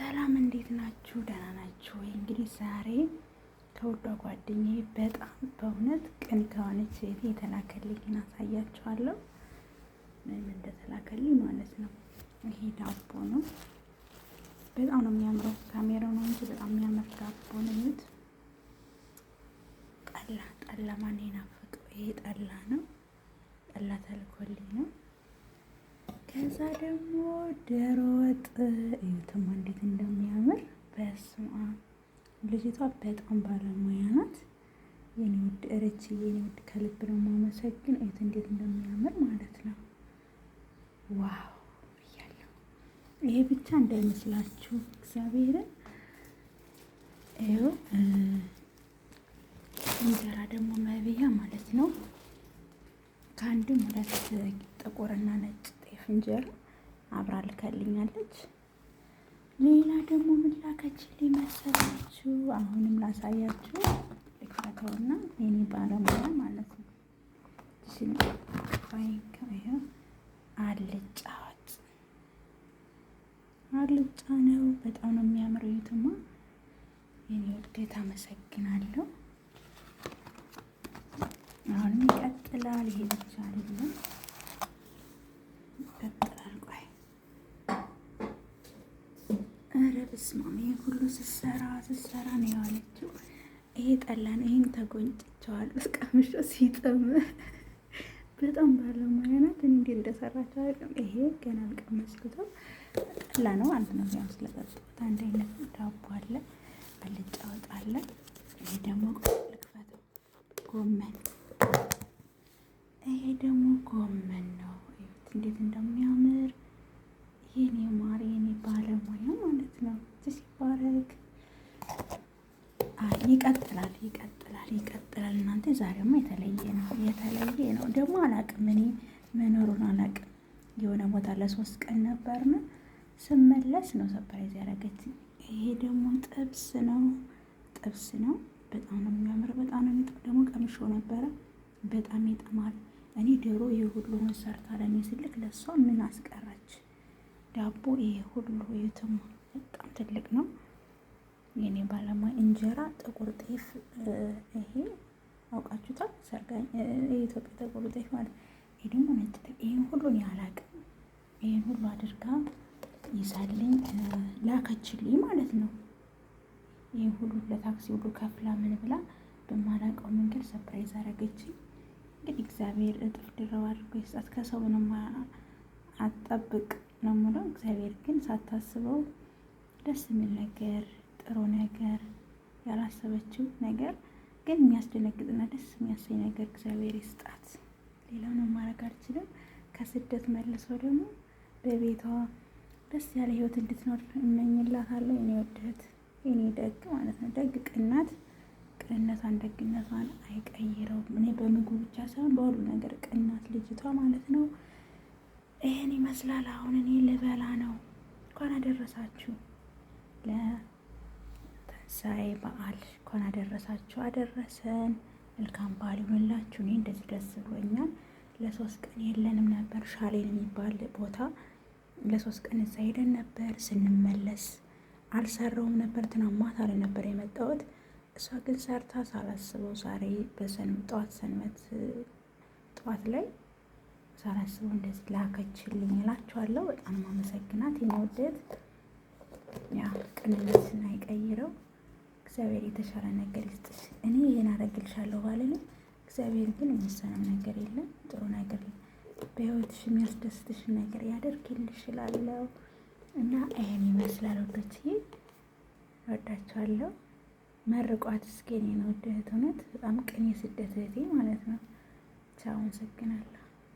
ሰላም እንዴት ናችሁ? ደህና ናችሁ ወይ? እንግዲህ ዛሬ ከውዷ ጓደኛዬ በጣም በእውነት ቅን ከሆነች ሴት የተላከልኝን አሳያችኋለሁ። ምን እንደተላከልኝ ማለት ነው። ይሄ ዳቦ ነው። በጣም ነው የሚያምረው። ካሜራው ነው እንጂ በጣም የሚያምር ዳቦ ነው። ይሁት ጠላ ጠላ ማን ናፍቀው። ይሄ ጠላ ነው። ጠላ ተልኮልኝ ነው። ከዛ ደግሞ ደሮ ወጥ እዩትማ እንዴት እንደሚያምር በስማ ልጅቷ በጣም ባለሙያ ናት። የኔ ውድ እርች የኔ ውድ ከልብ ነው ማመሰግን። እዩት እንዴት እንደሚያምር ማለት ነው። ዋው እያለው ይሄ ብቻ እንዳይመስላችሁ እግዚአብሔርን ይኸው እንጀራ ደግሞ መብያ ማለት ነው። ከአንድም ሁለት ጥቁርና ነጭ እንጀራ አብራ ልካልኛለች። ሌላ ደግሞ ምን ላከችልኝ መሰላችሁ? አሁንም ላሳያችሁ። ልክፈተውና የኔ ባለሙያ ማለት ነው አልጫ አልጫ ነው። በጣም ነው የሚያምረው። የትማ የኔ ውጤት አመሰግናለሁ። አሁንም ይቀጥላል። ይሄ ብቻ አይደለም። በስማሚ ሁሉ ስሰራ ስሰራ ነው የዋለችው። ይሄ ጠላን ይህን ተጎንጭቸዋል እስቀምሾ ሲጥም በጣም ባለሙያ ናት። እንዲ እንደሰራቸው አቅም ይሄ ገና አልቀመስኩትም። ጠላ ነው አንድ ነው ያው ስለጠጣሁት አንድ አይነት ዳቦ አለ፣ አልጫ ወጥ አለ። ይሄ ደግሞ ልክፈት ጎመን ይሄ ደግሞ ጎመን ነው። እንዴት እንደሞ ይቀጥላል ይቀጥላል ይቀጥላል። እናንተ ዛሬማ የተለየ ነው የተለየ ነው። ደግሞ አላቅም እኔ መኖሩን አላቅም። የሆነ ቦታ ለሶስት ቀን ነበርን ስመለስ ነው ሰፕራይዝ ያደረገች። ይሄ ደግሞ ጥብስ ነው ጥብስ ነው። በጣም ነው የሚያምር፣ በጣም ነው የሚጥም። ደግሞ ቀምሾ ነበረ በጣም ይጥማል። እኔ ዶሮ ይሄ ሁሉ መሰርታ ለእኔ ስልክ ለእሷ ምን አስቀራች? ዳቦ ይሄ ሁሉ የትም በጣም ትልቅ ነው። የኔ ባለሙያ እንጀራ ጥቁር ጤፍ ይሄ አውቃችሁታል። ሰርጋኝ የኢትዮጵያ ጥቁር ጤፍ ማለት ይሄ ደግሞ ነጭ ጤፍ። ይህን ሁሉን ያላቅም ይህን ሁሉ አድርጋ ይዛልኝ ላከችልኝ ማለት ነው። ይህ ሁሉ ለታክሲ ሁሉ ከፍላ ምን ብላ በማላውቀው መንገድ ሰፕራይዝ አረገች እንግዲህ እግዚአብሔር እጥፍ ድረው አድርጎ ይስጣት። ከሰው ምንም አጠብቅ ነው የምለው። እግዚአብሔር ግን ሳታስበው ደስ የሚል ነገር ያልተጠረጠረው ነገር ያላሰበችው ነገር ግን የሚያስደነግጥና ደስ የሚያሰኝ ነገር እግዚአብሔር ይስጣት። ሌላውን ማድረግ አልችልም። ከስደት መልሶ ደግሞ በቤቷ ደስ ያለ ህይወት እንድትኖር እመኝላታለሁ። የኔ ወደት የኔ ደግ ማለት ነው ደግ ቅናት ቅንነቷን ደግነቷን አይቀይረውም። እኔ በምግቡ ብቻ ሳይሆን በሁሉ ነገር ቅናት ልጅቷ ማለት ነው። ይህን ይመስላል። አሁን እኔ ልበላ ነው። እንኳን አደረሳችሁ። ዛሬ በዓል እንኳን አደረሳችሁ አደረሰን። መልካም በዓል ይሁንላችሁ። እኔ እንደዚህ ደስ ብሎኛል። ለሶስት ቀን የለንም ነበር ሻሌን የሚባል ቦታ ለሶስት ቀን እዛ ሄደን ነበር። ስንመለስ አልሰራውም ነበር። ትናንት ማታ ላይ ነበር የመጣሁት። እሷ ግን ሰርታ ሳላስበው ዛሬ በሰንም ጠዋት ሰንበት ጠዋት ላይ ሳላስበው እንደዚህ ላከችልኝ እላችኋለሁ። በጣም አመሰግናት የመወደድ ያ ቅንነትን አይቀይረው። እግዚአብሔር የተሻለ ነገር ይስጥሽ። እኔ ይህን አረግልሻለሁ ባልልም እግዚአብሔር ግን የሚሳነው ነገር የለም። ጥሩ ነገር በህይወትሽ የሚያስደስትሽ ነገር ያደርግልሽ እላለሁ እና ይህን ይመስላል ወዶች፣ ወዶችዬ፣ እወዳችኋለሁ። መርቋት እስኪ የኔን ውድ እህት፣ እውነት በጣም ቅን የስደት እህቴ ማለት ነው። ቻው፣ አመሰግናለሁ።